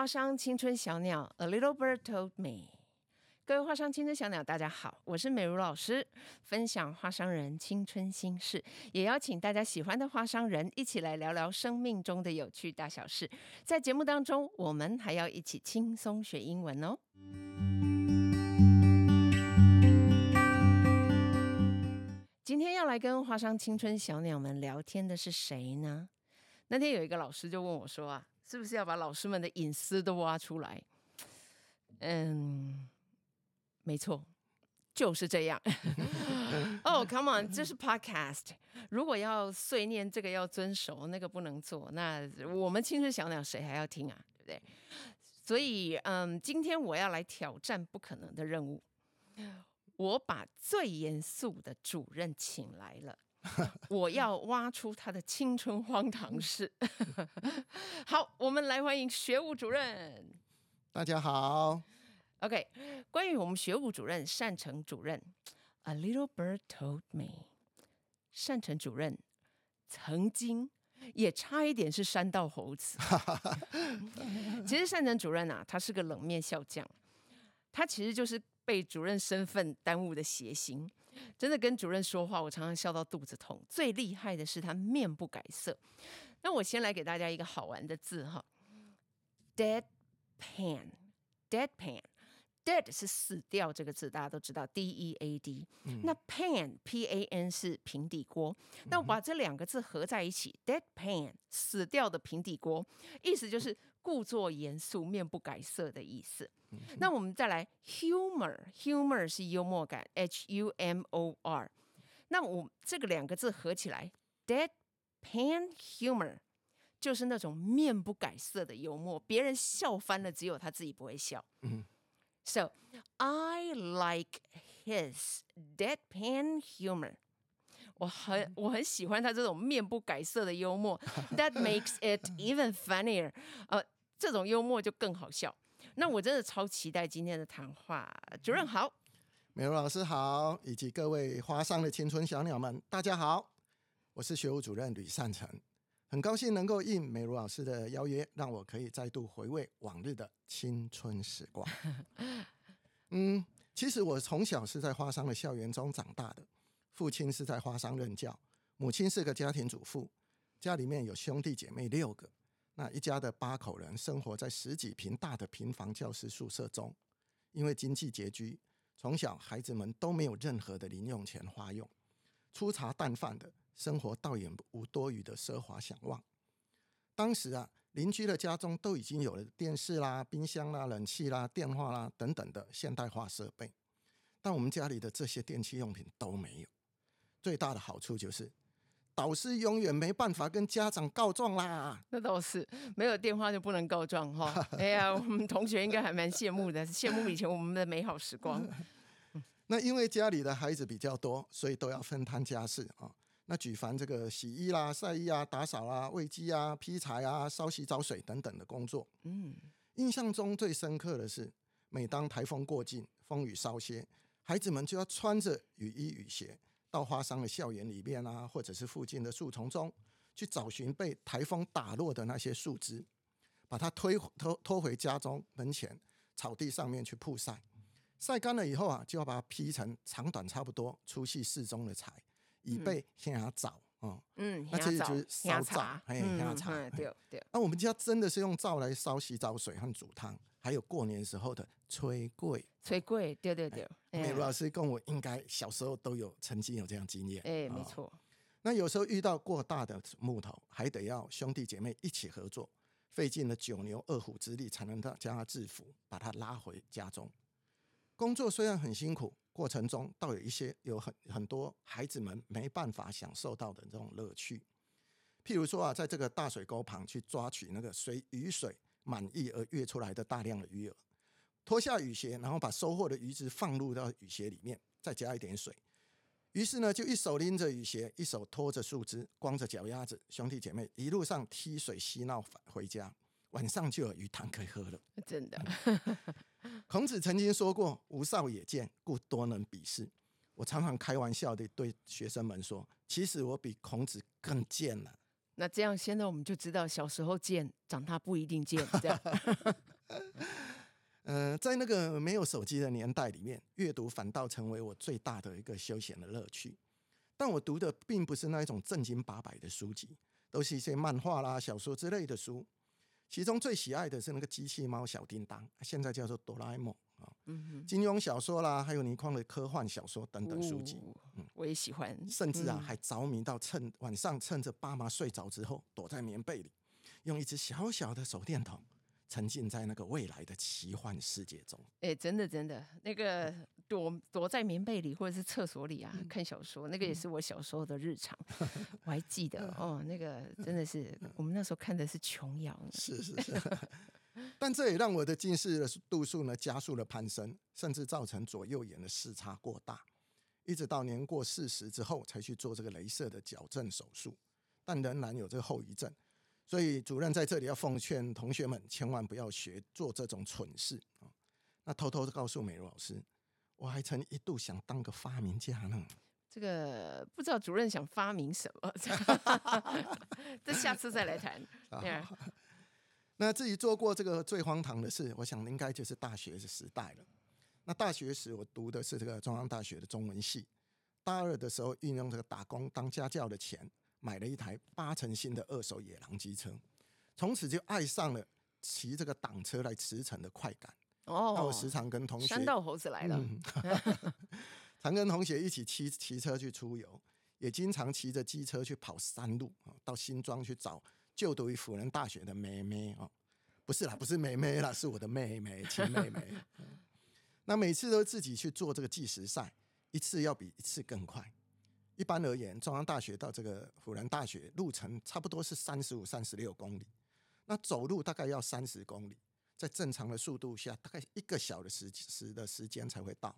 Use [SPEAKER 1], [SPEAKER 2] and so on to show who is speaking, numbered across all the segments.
[SPEAKER 1] 花商青春小鳥，A little bird told me。各位花商青春小鳥，大家好，我是美如老師，分享花商人青春心事，也邀請大家喜歡的花商人一起來聊聊生命中的有趣大小事。在節目當中，我們還要一起輕鬆學英文哦。今天要來跟花商青春小鳥們聊天的是誰呢？那天有一個老師就問我說啊。是不是要把老師們的隱私都挖出來？嗯，沒錯，就是這樣。哦、 oh, come on，這是 podcast。如果要碎念，這個要遵守，那個不能做。那我們青春小鳥誰還要聽啊？對不對？所以，嗯，今天我要來挑戰不可能的任務。我把最嚴肅的主任請來了。 我要挖出他的青春荒唐事。 好，我們來歡迎學務主任。
[SPEAKER 2] 大家好。
[SPEAKER 1] OK，關於我們學務主任善成主任，A little bird told me，善成主任曾經也差一點是山道猴子。 其實善成主任啊，他是個冷面笑匠，他其實就是。被主任身份耽誤的諧星，真的跟主任說話，我常常笑到肚子痛。最厲害的是他面不改色。那我先來給大家一個好玩的字哈，dead pan，dead pan，dead 是死掉這個字，大家都知道，d e a d。E a d, 嗯、那 pan p a n 是平底鍋，那我把這兩個字合在一起，dead pan 死掉的平底鍋，意思就是。故作嚴肅、面不改色的意思。嗯哼。那我們再來 humor，humor 是幽默感，H U M O R。那我這個兩個字合起來，deadpan humor 就是那種面不改色的幽默，別人笑翻了，只有他自己不會笑。嗯哼。So, I like his deadpan humor。我很我很喜歡他這種面不改色的幽默，That makes it even funnier。呃，這種幽默就更好笑。那我真的超期待今天的談話。
[SPEAKER 2] 主任好，嗯、美茹老師好，以及各位華商的青春小鳥們，大家好，我是學務主任李善成，很高興能夠應美茹老師的邀約，讓我可以再度回味往日的青春時光。嗯，其實我從小是在華商的校園中長大的。父親是在花商任教，母親是個家庭主婦，家裡面有兄弟姐妹六個，那一家的八口人生活在十幾坪大的平房教師宿舍中，因為經濟拮據，從小孩子們都沒有任何的零用錢花用，粗茶淡飯的生活倒也無多餘的奢華想望。當時啊，鄰居的家中都已經有了電視啦、冰箱啦、冷氣啦、電話啦等等的現代化設備，但我們家裡的這些電器用品都沒有。最大的好處就是，導師永遠沒辦法跟家長告狀啦。那倒是，沒
[SPEAKER 1] 有電話就不能告狀哈。哦、 哎呀，我們同學應該還蠻羨慕的， 羨慕以前我們的美好時光。
[SPEAKER 2] 那因為家裡的孩子比較多，所以都要分攤家事啊、哦。那舉凡這個洗衣啦、曬衣啊、打掃啊、餵雞啊、劈柴啊、燒洗澡水等等的工作，嗯，印象中最深刻的是，每當颱風過境、風雨稍歇，孩子們就要穿着雨衣、雨鞋。到花商的校園裡面啊，或者是附近的樹叢中，去找尋被台風打落的那些樹枝，把它推回拖、拖回家中門前，草地上面去曝曬，曬乾了以後啊，就要把它劈成長短差不多、粗細適中的柴，以備先拿找。嗯嗯嗯，那其實就是燒灶，還有壓茶。對對，那我們家真的是用灶來燒洗澡水和煮湯，還有過年時候的炊粿。
[SPEAKER 1] 炊粿，對對對。哎，盧老
[SPEAKER 2] 師跟我應該小時候都有曾經有這樣經驗。哎，沒錯。那有時候遇到過大的木頭，還得要兄弟姐妹一起合作，費盡了九牛二虎之力，才能到將它制服，把它拉回家中。工作雖然很辛苦。過程中，倒有一些有很很多孩子們沒辦法享受到的這種樂趣，譬如說啊，在這個大水溝旁去抓取那個水、雨水滿溢而躍出來的大量的魚兒，脫下雨鞋，然後把收穫的魚子放入到雨鞋裡面，再加一點水，於是呢，就一手拎着雨鞋，一手拖着樹枝，光着腳丫子，兄弟姐妹一路上踢水嬉鬧返回家，晚上就有魚湯可以喝了，真的。 孔子曾經說過：“吾少也賤，故多能鄙事。”我常常開玩笑的對學生們說：“其實我比孔子更賤了。”
[SPEAKER 1] 那這樣，現在我們就知道，小時候賤，長大不一定賤。這樣，嗯
[SPEAKER 2] 呃，在那個沒有手機的年代裡面，閱讀反倒成為我最大的一個休閒的樂趣。但我讀的並不是那一種正經八百的書籍，都是一些漫畫啦、小說之類的書。其中最喜愛的是那個機器貓小叮噹，現在叫做哆啦 A 夢啊。金庸小說啦，還有倪匡的科幻小說等等書籍，哦嗯、我也喜歡。甚至啊，嗯、還着迷到趁晚上趁着爸媽睡着之後，躲在棉被裡，用一隻小小的手電筒，沉浸在那個未來的奇幻世界中。
[SPEAKER 1] 哎、欸，真的真的那個。嗯躲躲在棉被裡，或者是廁所裡啊，嗯、看小說，那個也是我小時候的日常，嗯、我還記得、嗯、哦，那個真的是、嗯、我們那時候看的是瓊瑤。是
[SPEAKER 2] 是是， 但這也讓我的近視的度數呢加速了攀升，甚至造成左右眼的視差過大，一直到年過四十之後才去做這個鐳射的矯正手術，但仍然有這個後遺症。所以主任在這裡要奉勸同學們千萬不要學做這種蠢事啊！那偷偷的告訴美茹老師。我還曾一度想當個發明家呢。
[SPEAKER 1] 這個不知道主任想
[SPEAKER 2] 發明什麼，
[SPEAKER 1] 這下次再來談。好
[SPEAKER 2] 樣那自己做過這個最荒唐的事，我想應該就是大學的時代了。那大學時我讀的是這個中央大學的中文系，大二的時候，運用這個打工當家教的錢，買了一臺八成新的二手野狼機車，從此就愛上了騎這個擋車來馳騁的快感。哦，我時常跟同學山道
[SPEAKER 1] 猴子來了，嗯、
[SPEAKER 2] 常跟同學一起騎騎車去出遊，也經常騎着機車去跑山路，到新莊去找就讀於輔仁大學的妹妹。哦，不是啦，不是妹妹啦， 是我的妹妹，親妹妹。 那每次都自己去做這個計時賽，一次要比一次更快。一般而言，中央大學到這個輔仁大學路程差不多是三十五、三十六公里，那走路大概要三十公里。在正常的速度下，大概一個小時的時間才會到，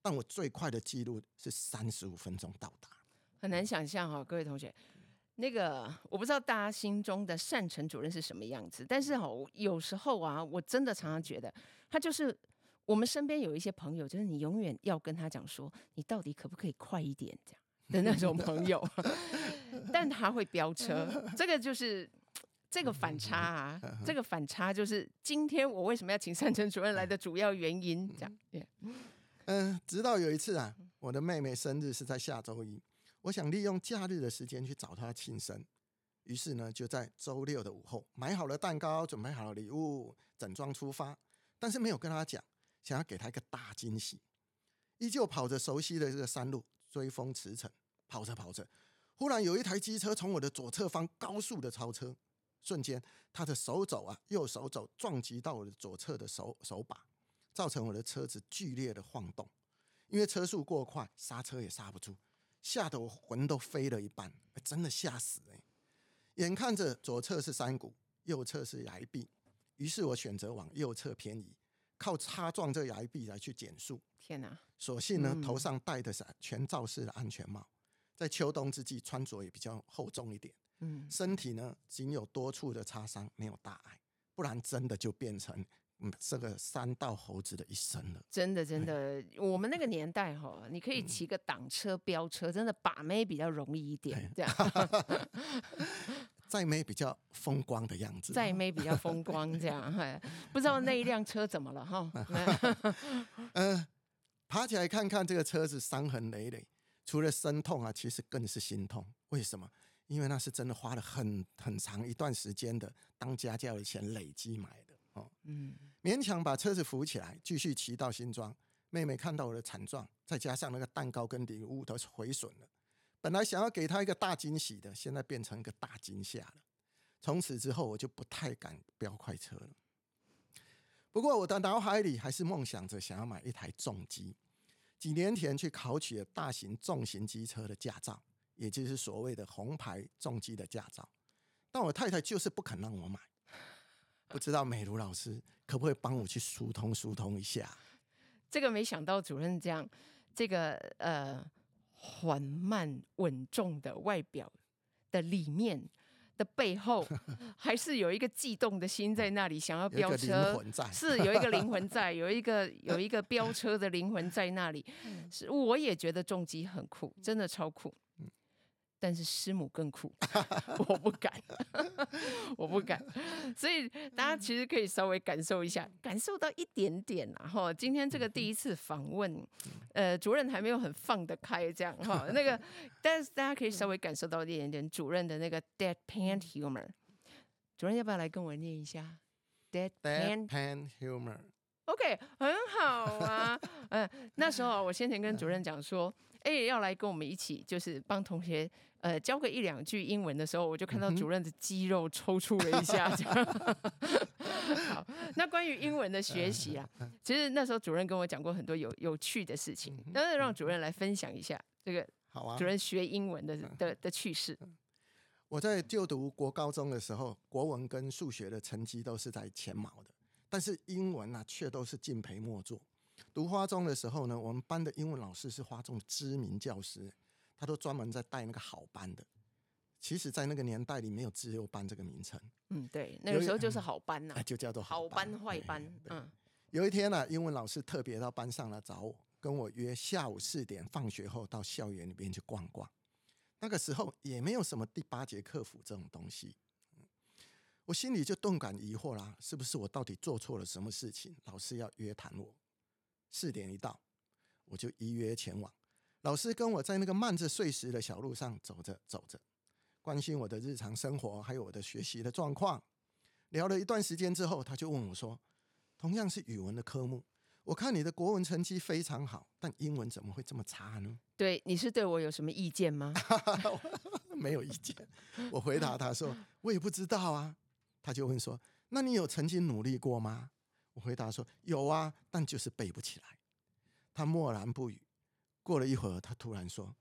[SPEAKER 2] 但我最快的記錄是三十五分鐘到達。
[SPEAKER 1] 很難想象哈、哦，各位同學，那個我不知道大家心中的善成主任是什麼樣子，但是哈，有時候啊，我真的常常覺得他就是我們身邊有一些朋友，就是你永遠要跟他講說，你到底可不可以快一點這樣，的那種朋友， 但他會飆車，這個就是。這個反差啊，這個反差就是今天我為什麼要請善成主任來的主要原因。這樣
[SPEAKER 2] 嗯，直到有一次啊，我的妹妹生日是在下週一，我想利用假日的時間去找她慶生，於是呢，就在週六的午後買好了蛋糕，準備好了禮物，整裝出發，但是沒有跟她講，想要給她一個大驚喜。依舊跑着熟悉的這個山路，追風馳騁，跑着跑着，忽然有一台機車從我的左側方高速的超車。瞬間，他的手肘啊，右手肘撞擊到了左側的手手把，造成我的車子劇烈的晃動。因為車速過快，剎車也剎不住，嚇得我魂都飛了一半，哎、真的嚇死了、欸、眼看着左側是山谷，右側是崖壁，於是我選擇往右側偏移，靠擦撞這崖壁來去減速。天哪！所幸呢，頭上戴的是全罩式的安全帽，嗯、在秋冬之際穿着也比較厚重一點。嗯、身體呢，僅有多處的擦傷，沒有大礙，不然真的就變成嗯這個山道猴子的一生了。真的，真
[SPEAKER 1] 的，真的對，我們那個年代、哦、你可以騎個擋車飆車，嗯、真的把妹比較容易一
[SPEAKER 2] 點，嗯、這樣。在妹比較風光的樣子，
[SPEAKER 1] 在妹比較風光這樣， 不知道那一輛車怎麼了、嗯、哈。 嗯，
[SPEAKER 2] 爬起來看看這個車子傷痕累累，除了身痛啊，其實更是心痛。為什麼？因為那是真的花了很很長一段時間的當家教的錢累積買的哦，嗯，勉強把車子扶起來，繼續騎到新莊。妹妹看到我的慘狀，再加上那個蛋糕跟禮物都毀損了，本來想要給她一個大驚喜的，現在變成一個大驚嚇了。從此之後，我就不太敢飆快車了。不過我的腦海裡還是夢想着想要買一台重機。幾年前去考取了大型重型機車的駕照。也就是所謂的紅牌重機的駕照，但我太太就是不肯讓我買，不知道美如老師可不可以幫我去疏通疏通一下？
[SPEAKER 1] 這個沒想到主任這樣，這個呃緩慢穩重的外表的裡面的背後，還是有一個悸動的心在那裡，想要飆車，是有一個靈魂在，有一個有一個飆車的靈魂在那裡。是，我也覺得重機很酷，真的超酷。但是師母更苦， 我不敢， 我不敢，所以大家其實可以稍微感受一下，感受到一點點然、啊、哈，今天這個第一次訪問，呃，主任還沒有很放得開這樣哈。那個，但是大家可以稍微感受到一點點主任的那個 deadpan humor。主任要不要來跟我念一
[SPEAKER 2] 下 deadpan, pan humor？OK，、
[SPEAKER 1] okay, 很好啊。嗯、呃，那時候、啊、我先前跟主任講說，哎、欸，要來跟我們一起，就是幫同學。呃，教個一兩句英文的時候，我就看到主任的肌肉抽搐了一下這樣。 好，那關於英文的學習啊，其實那時候主任跟我講過很多有有趣的事情，那讓主任來分享一下這個。主任學英文的、好啊、的
[SPEAKER 2] 的、的趣事。我在就讀國高中的時候，國文跟數學的成績都是在前茅的，但是英文呢、啊，卻都是敬陪末座。讀花中的時候呢，我們班的英文老師是花中知名教師。他都專門在帶那個好班的，其實，在那個年代裡沒有“資優班”這個名稱。嗯，對，那個時候就是好班吶、啊呃，就叫做好班，好班壞班。嗯，有一天呢、啊，英文老師特別到班上來找我，跟我約下午四點放學後到校園裡邊去逛逛。那個時候也沒有什麼第八節課輔這種東西。嗯，我心裡就頓感疑惑啦、啊，是不是我到底做錯了什麼事情？老師要約談我。四點一到，我就依約前往。老師跟我在那個滿是碎石的小路上走着走着，關心我的日常生活還有我的學習的狀況。聊了一段時間之後，他就問我說：“同樣是語文的科目，我看你的國文成績非常好，但英文怎麼會這麼差呢？”“
[SPEAKER 1] 對，你是對我有什麼意見嗎？”“
[SPEAKER 2] 沒有意見。”我回答他說：“我也不知道啊。”他就問說：“那你有曾經努力過嗎？”我回答說：“有啊，但就是背不起來。”他默然不語。過了一會兒，他突然說：“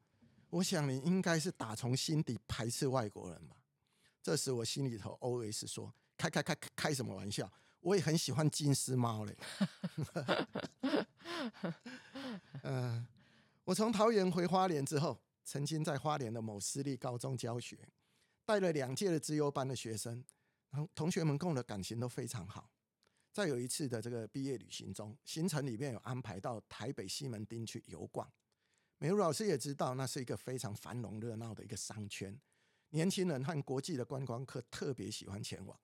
[SPEAKER 2] 我想你應該是打從心底排斥外國人吧？”這時我心裡頭 OS 說：“開開開開什麼玩笑？我也很喜歡金絲貓嘞！”嗯、 呃，我從桃園回花蓮之後，曾經在花蓮的某私立高中教學，帶了兩屆的資優班的學生，同同學們跟我的感情都非常好。在有一次的這個畢業旅行中，行程裡面有安排到台北西門町去遊逛。美儒老師也知道，那是一個非常繁榮熱鬧的一個商圈，年輕人和國際的觀光客特別喜歡前往。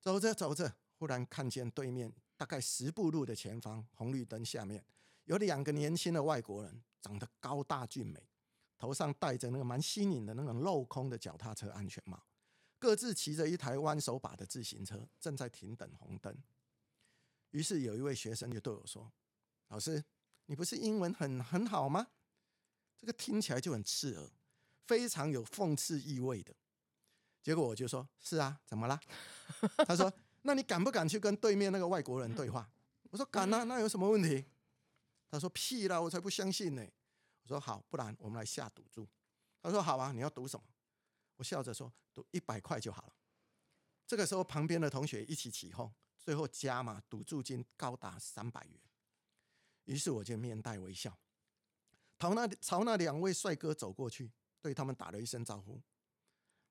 [SPEAKER 2] 走着走着，忽然看見對面大概十步路的前方，紅綠燈下面有兩個年輕的外國人，長得高大俊美，頭上戴着那個蠻新穎的那種鏤空的腳踏車安全帽，各自騎着一台彎手把的自行車，正在停等紅燈。於是有一位學生就對我說：“老師。”你不是英文很很好嗎？這個聽起來就很刺耳，非常有諷刺意味的。結果我就說：“是啊，怎麼啦？”他說：“那你敢不敢去跟對面那個外國人對話？”我說：“敢啊，那有什麼問題？”他說：“屁啦，我才不相信呢、欸。”我說：“好，不然我們來下賭注。”他說：“好啊，你要賭什麼？”我笑着說：“賭一百塊就好了。”這個時候，旁邊的同學一起起哄，最後加碼，賭注金高達三百元。於是我就面帶微笑，朝那朝那兩位帥哥走過去，對他們打了一聲招呼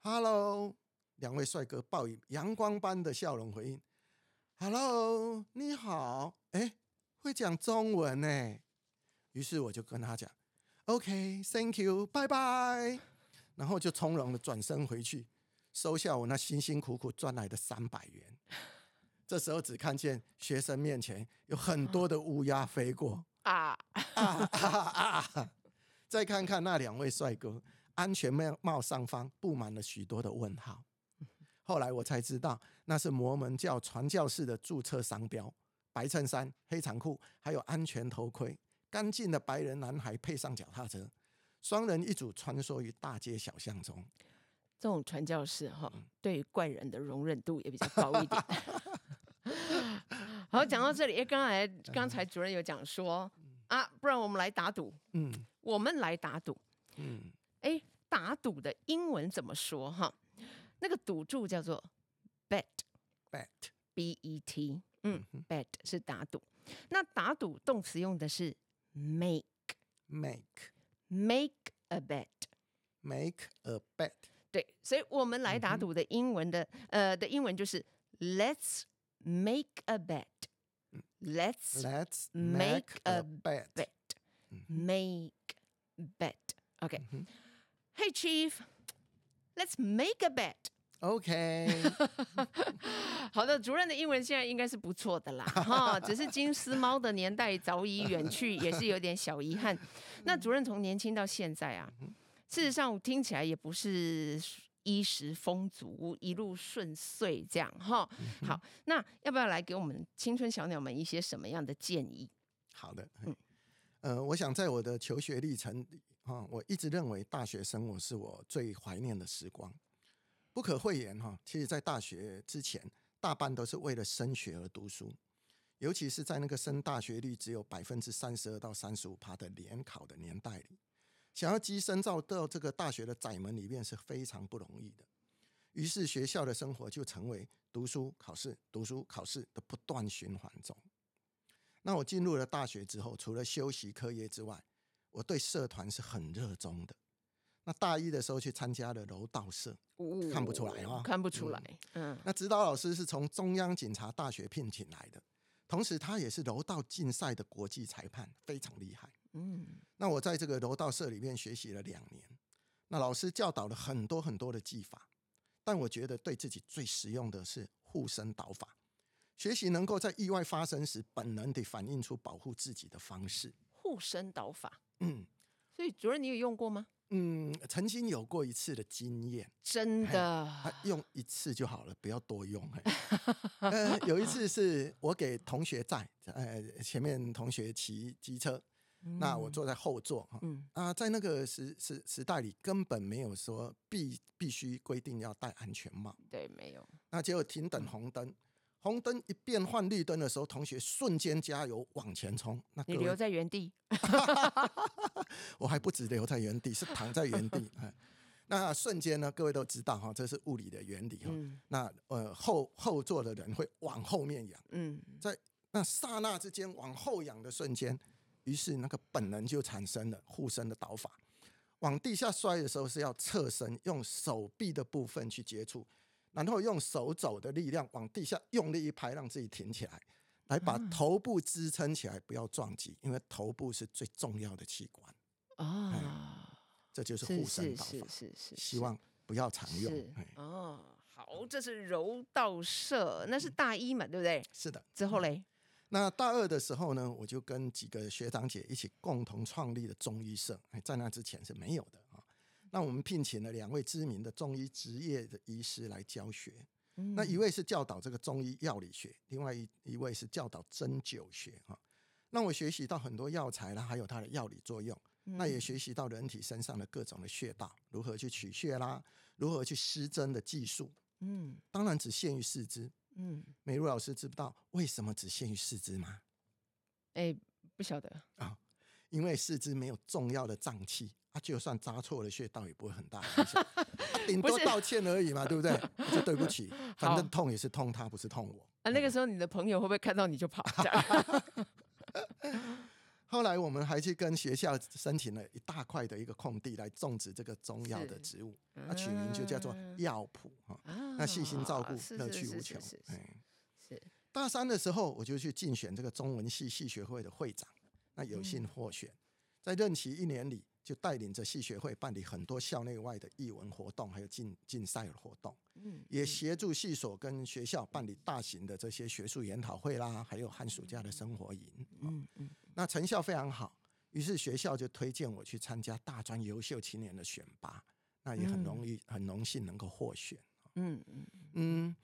[SPEAKER 2] ：“Hello。”兩位帥哥報以陽光般的笑容回應：“Hello，你好。”哎，會講中文呢？於是我就跟他講：“OK，Thank you，拜拜。”然後就從容的轉身回去，收下我那辛辛苦苦賺來的三百元。這時候只看見學生面前有很多的烏鴉飛過
[SPEAKER 1] 啊，啊，啊，
[SPEAKER 2] 啊！再看看那兩位帥哥，安全帽上方布滿了許多的問號。後來我才知道，那是摩門教傳教士的注冊商標：白襯衫、黑長褲，還有安全頭盔。乾淨的白人男孩配上腳踏車，雙人一組穿梭於大街小巷中。這種傳教士哈，嗯、對於怪人的容忍度也比較高一
[SPEAKER 1] 點。 好，講到這裡，哎、欸，剛才剛才主任有講說啊，不然我們來打賭，嗯，我們來打賭，嗯，哎、欸，打賭的英文怎麼說哈？那個賭注叫做 bet，bet，b e t，嗯、mm hmm.，bet 是打賭。那打賭動詞用的是 make，make，make a bet，make make a bet。對，所以我們來打賭的英文的，呃，的英文就是 Let's make a bet. Let's make a bet. Make bet. Okay. Hey, Chief. Let's make a bet. Okay. 好的，主任的英文現在應該是不錯的啦，哈。只是金絲貓的年代早已遠去，也是有點小遺憾。那主任從年輕到現在啊。事實上，我聽起來也不是衣食豐足、一路順遂這樣哈。好，那要不要來給我們青春小鳥們一些什麼樣的建議？
[SPEAKER 2] 好的，嗯，呃，我想在我的求學歷程裡哈，我一直認為大學生我是我最懷念的時光，不可諱言哈。其實，在大學之前，大半都是為了升學而讀書，尤其是在那個升大學率只有百分之三十二到三十五趴的聯考的年代想要躋身到到這個大學的窄門裡面是非常不容易的，於是學校的生活就成為讀書考試、讀書考試的不斷循環中。那我進入了大學之後，除了修習課業之外，我對社團是很熱衷的。那大一的時候去參加了柔道社，哦、看不出來啊、哦，看不出來。嗯，嗯，那指導老師是從中央警察大學聘請來的，同時他也是柔道競賽的國際裁判，非常厲害。嗯，那我在這個柔道社裡面學習了兩年，那老師教導了很多很多的技法，但我覺得對自己最實用的是護身倒法，學習能夠在意外發生時本能地反映出保護自己的方式。
[SPEAKER 1] 護身倒法，
[SPEAKER 2] 嗯，
[SPEAKER 1] 所以主任，你有用過嗎？嗯，
[SPEAKER 2] 曾經有過一次的經驗。真的，用一次就好了，不要多用、 呃。
[SPEAKER 1] 有一次
[SPEAKER 2] 是我給同學在，呃，前面同學騎機車。那我坐在後座哈，嗯、啊，在那個時時時代裡，根本沒有說必必須規定要戴安全帽，對，沒有。那結果停等紅燈，紅燈一變換綠燈的時候，同學瞬間加油往前衝，那你留在
[SPEAKER 1] 原地，
[SPEAKER 2] 我還不止留在原地，是躺在原地。 那瞬間呢，各位都知道哈，這是物理的原理哈。嗯、那呃後後座的人會往後面仰，嗯，在那剎那之間往後仰的瞬間。於是那個本能就產生了護身的倒法，往地下摔的時候是要側身，用手臂的部分去接觸，然後用手肘的力量往地下用力一拍，讓自己挺起來，來把頭部支撐起來，不要撞擊，嗯、因為頭部是最重要的器官啊、哦嗯。這就是護身倒法，是是，是，是，是是。希望不要常用。哦，
[SPEAKER 1] 好，這是柔道社，那是大一嘛，對不對？是
[SPEAKER 2] 的。之後呢。嗯那大二的時候呢，我就跟幾個學長姐一起共同創立了中醫社，在那之前是沒有的啊。那我們聘請了兩位知名的中醫職業的醫師來教學，那一位是教導這個中醫藥理學，另外一一位是教導針灸學啊。那我學習到很多藥材啦，還有它的藥理作用，那也學習到人體身上的各種的穴道，如何去取穴啦，如何去施針的技術，當然只限於四肢。嗯，美如老師知道為什麼只限於四肢嗎？哎、欸，不曉得啊、哦，因為四肢沒有重要的臟器，啊，就算扎錯了穴道也不會很大，頂、 啊、多道歉而已嘛，不是對不對？對不起，反正痛也是痛他，他不是痛我。
[SPEAKER 1] 好嗯、啊，那個時候你的朋友會不會看到你就跑？
[SPEAKER 2] 後來我們還去跟學校申請了一大塊的一個空地來種植這個中藥的植物，那、嗯、取名就叫做藥圃啊。那細心照顧，樂趣無窮。大三的時候，我就去競選這個中文系系學會的會長，那有幸獲選，嗯、在任期一年裡，就帶領着系學會辦理很多校內外的藝文活動，還有競競賽活動。嗯嗯、也協助系所跟學校辦理大型的這些學術研討會啦，還有寒暑假的生活營。嗯嗯嗯那成效非常好，於是學校就推薦我去參加大專優秀青年的選拔，那也很容易，很榮幸能夠獲選。嗯，嗯，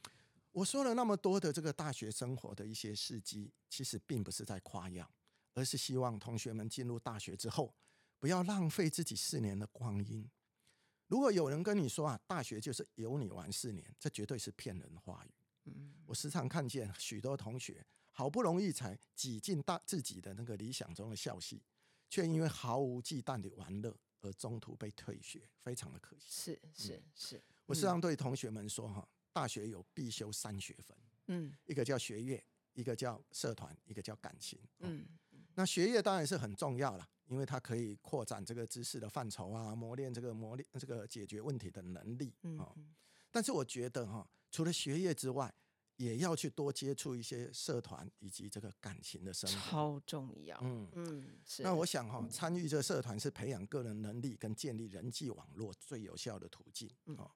[SPEAKER 2] 我說了那麼多的這個大學生活的一些事蹟，其實並不是在誇耀，而是希望同學們進入大學之後不要浪費自己四年的光陰。如果有人跟你說啊，大學就是由你玩四年，這絕對是騙人話語。嗯，我時常看見許多同學，好不容易才擠進大自己的那個理想中的校系，卻因為毫無忌憚的玩樂而中途被退學，非常的可惜。是是
[SPEAKER 1] 是，是是嗯、我時常
[SPEAKER 2] 對同學們說哈，大學有必修三學分，嗯，一個叫學業，一個叫社團，一個叫感情，嗯，嗯那學業當然是很重要了，因為它可以擴展這個知識的範疇啊，磨練這個磨練這個解決問題的能力啊、哦。但是我覺得哈，除了學業之外，也要去多接觸一些社團以及這個感情的生活，超重要。嗯嗯，是 那我想哈，參與這個社團是培養個人能力跟建立人際網絡最有效的途徑啊。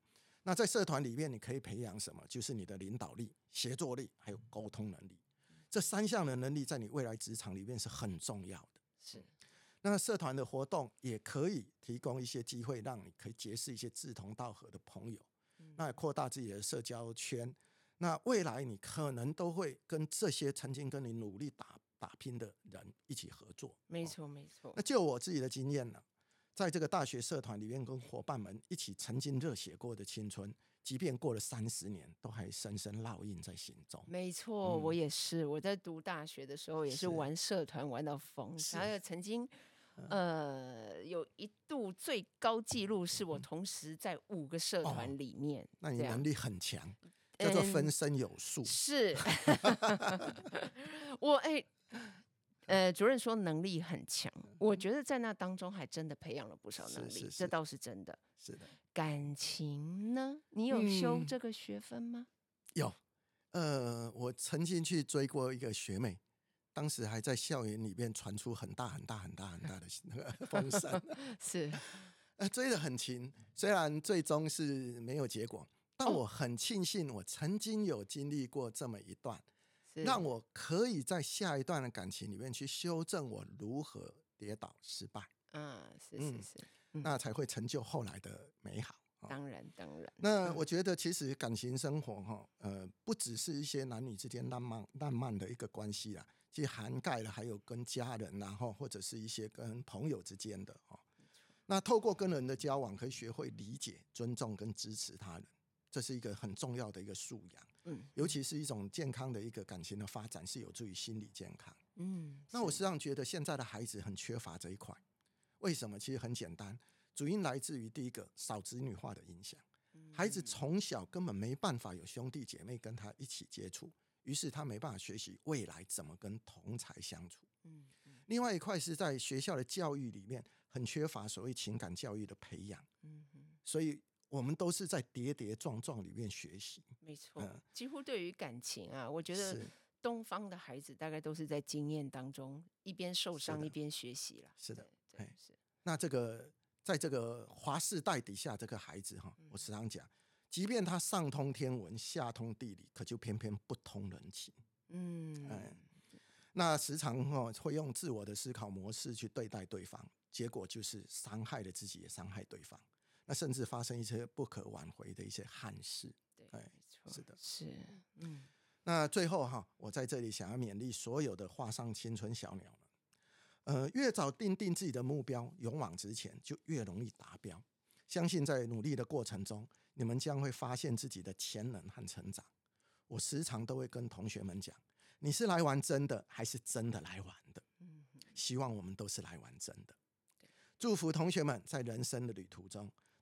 [SPEAKER 2] 那在社團裡面，你可以培養什麼？就是你的領導力、協作力，還有溝通能力。這三項的能力在你未來職場裡面是很重要的。是。那社團的活動也可以提供一些機會，讓你可以結識一些志同道合的朋友，那擴大自己的社交圈。那未來你可能都會跟這些曾經跟你努力打打拼的人一起合作。沒錯，
[SPEAKER 1] 沒錯。沒錯，那
[SPEAKER 2] 就我自己的經驗呢、啊，在這個大學社團裡面，跟夥伴們一起曾經熱血過的青春，即便過了三十年，都還深深烙印在心中。
[SPEAKER 1] 沒錯，嗯、我也是。我在讀大學的時候也是玩社團是玩到瘋，是然後曾經呃有一度最高紀錄是我同時在五個社團裡面。哦、那你能
[SPEAKER 2] 力很強。叫做分身有術、嗯，是。
[SPEAKER 1] 我哎、欸，呃，主任說能力很強，我覺得在那當中還真的培養了不少能力，是是是，這倒是真的。是的，感情呢，你有修這個學分嗎、嗯？
[SPEAKER 2] 有，呃，我曾經去追過一個學妹，當時還在校園裡面傳出很大很大很大很大的那個風聲， 是，呃，追得很勤，雖然最終是沒有結果。但我很慶幸，我曾經有經歷過這麼一段，嗯、讓我可以在下一段的感情裡面去修正我如何跌倒失敗。嗯，是是是，那、嗯、才會成就後來的美好。當然當然。當然那我覺得其實感情生活哈，嗯、呃，不只是一些男女之間浪漫浪漫的一個關係啊，既涵蓋了還有跟家人、啊，然後或者是一些跟朋友之間的啊。那透過跟人的交往，可以學會理解、尊重跟支持他人。這是一個很重要的一個素養，嗯，尤其是一種健康的一個感情的發展是有助於心理健康，嗯。那我實際上覺得現在的孩子很缺乏這一塊，為什麼？其實很簡單，主因來自於第一個少子女化的影響，嗯，孩子從小根本沒辦法有兄弟姐妹跟他一起接觸，於是他沒辦法學習未來怎麼跟同儕相處，嗯。嗯，另外一塊是在學校的教育裡面很缺乏所謂情感教育的培養，嗯，嗯，所以。我們都是在跌跌撞撞裡面學習，
[SPEAKER 1] 沒錯。嗯、幾乎對於感情啊，我覺得東方的孩子大概都是在經驗當中一邊受傷一邊學習。是的，
[SPEAKER 2] 哎，是。那這個在這個華世代底下，這個孩子哈，嗯、我時常講，即便他上通天文，下通地理，可就偏偏不通人情。嗯，
[SPEAKER 1] 哎、嗯，
[SPEAKER 2] 那時常哈會用自我的思考模式去對待對方，結果就是傷害了自己，也傷害對方。那甚至發生一些不可挽回的一些憾事。對，是的，是，嗯。那最後哈，我在這裡想要勉勵所有的畫上青春小鳥呃，越早定定自己的目標，勇往直前，就越容易達標。相信在努力的過程中，你們將會發現自己的潛能和成長。我時常都會跟同學們講，你是來玩真的，還是真的來玩的？希望我們都是來玩真的。對祝福同學們在人生的旅途中。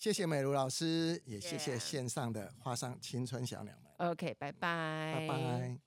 [SPEAKER 2] 謝謝美如老師，也謝謝線上的花上青春小鳥
[SPEAKER 1] 們。Yeah. OK，拜拜，拜拜。